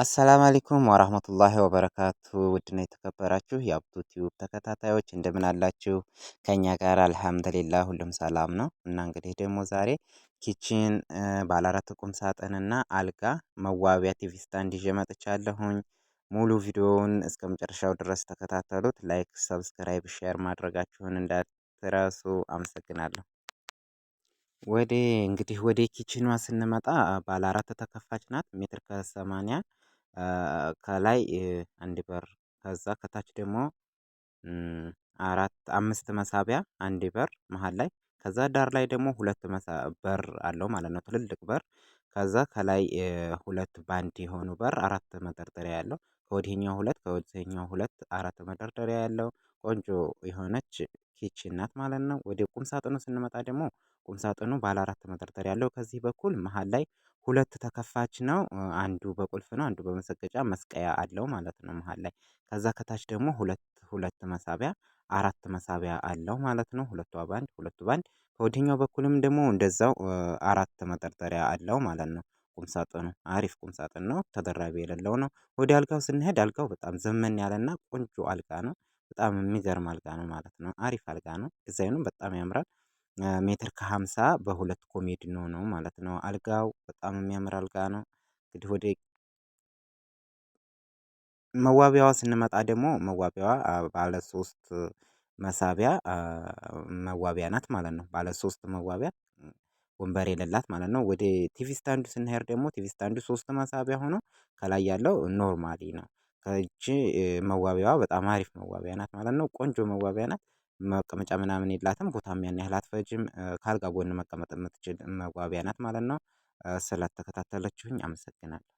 አሰላም አለይኩም ወራህመቱላሂ ወበረካቱ ውድና የተከበራችሁ የአብዱ ቲዩብ ተከታታዮች እንደምን አላችሁ? ከኛ ጋር አልሐምድሊላ ሁሉም ሰላም ነው። እና እንግዲህ ደግሞ ዛሬ ኪችን ባለአራት ቁም ሳጥንና አልጋ መዋቢያ ቲቪ ስታንድ ይዤ መጥቻለሁኝ። ሙሉ ቪዲዮውን እስከ መጨረሻው ድረስ ተከታተሉት። ላይክ፣ ሰብስክራይብ፣ ሼር ማድረጋችሁን እንዳትረሱ። አመሰግናለሁ። ወደ እንግዲህ ወደ ኪችኗ ስንመጣ ባለአራት ተከፋች ናት ሜትር ከሰማንያ ከላይ አንድ በር ከዛ ከታች ደግሞ አራት አምስት መሳቢያ አንድ በር መሃል ላይ ከዛ ዳር ላይ ደግሞ ሁለት በር አለው ማለት ነው። ትልልቅ በር ከዛ ከላይ ሁለት ባንድ የሆኑ በር አራት መደርደሪያ ያለው ከወዲህኛው ሁለት ከወዲህኛው ሁለት አራት መደርደሪያ ያለው ቆንጆ የሆነች ኪችን ናት ማለት ነው። ወደ ቁም ሳጥኑ ስንመጣ ደግሞ ቁም ሳጥኑ ባለ አራት መደርደሪያ ያለው ከዚህ በኩል መሃል ላይ ሁለት ተከፋች ነው። አንዱ በቁልፍ ነው፣ አንዱ በመሰገጫ መስቀያ አለው ማለት ነው መሃል ላይ። ከዛ ከታች ደግሞ ሁለት ሁለት መሳቢያ አራት መሳቢያ አለው ማለት ነው። ሁለቱ ባንድ ሁለቱ ባንድ። ከወዲኛው በኩልም ደግሞ እንደዛው አራት መጠርጠሪያ አለው ማለት ነው። ቁምሳጥኑ አሪፍ ቁምሳጥን ነው፣ ተደራቢ የሌለው ነው። ወደ አልጋው ስንሄድ አልጋው በጣም ዘመን ያለና ቆንጆ አልጋ ነው። በጣም የሚገርም አልጋ ነው ማለት ነው። አሪፍ አልጋ ነው። ዲዛይኑም በጣም ያምራል። ሜትር ከሃምሳ በሁለት ኮሜዲኖ ነው ማለት ነው። አልጋው በጣም የሚያምር አልጋ ነው። እንግዲህ ወደ መዋቢያዋ ስንመጣ ደግሞ መዋቢያዋ ባለ ሶስት መሳቢያ መዋቢያ ናት ማለት ነው። ባለ ሶስት መዋቢያ ወንበር የሌላት ማለት ነው። ወደ ቲቪ ስታንዱ ስንሄድ ደግሞ ቲቪ ስታንዱ ሶስት መሳቢያ ሆኖ ከላይ ያለው ኖርማሊ ነው። ከእጅ መዋቢያዋ በጣም አሪፍ መዋቢያ ናት ማለት ነው። ቆንጆ መዋቢያ ናት መቀመጫ ምናምን የላትም ቦታም ያን ያህል አትፈጅም ከአልጋ ጎን መቀመጥ የምትችል መዋቢያ ናት ማለት ነው። ስለተከታተለችሁኝ አመሰግናለሁ